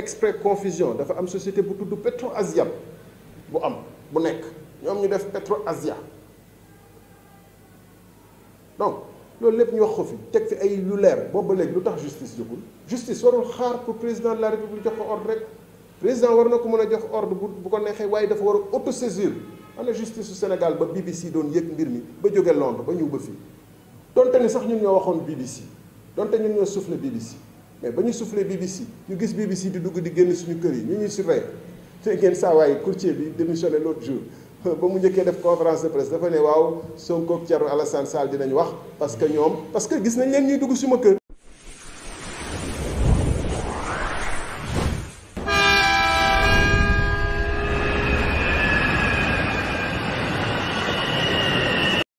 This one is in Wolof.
exprès confusion dafa am société bu tudd Petro Asia bu am bu nekk ñoom ñu def Petro Asia donc loolu lépp ñu wax ko fi teg fi ay lu leer boobu léegi lu tax justice jógul justice warul xaar pour président de la république jox ko ordre rek président war na ko mën a jox ord bu bu ko neexee waaye dafa war a autosaisir ana justice su Sénégal ba BBC doon yëg mbir mi ba jóge Londres ba ñëw ba fii donte ni sax ñu ñoo waxoon BBC donte ñu ñoo soufflé BBC. mais ba ñu soufflé BBC ñu gis BBC di dugg di génn suñu kër yi ñu ñuy surveiller te ngeen saa waaye courtier bi démissionné l' autre jour ba mu njëkkee def conférence de presse dafa ne waaw Sonko ak Thierno Alassane Sall wax parce que ñoom parce que gis nañ leen ñuy dugg suma kër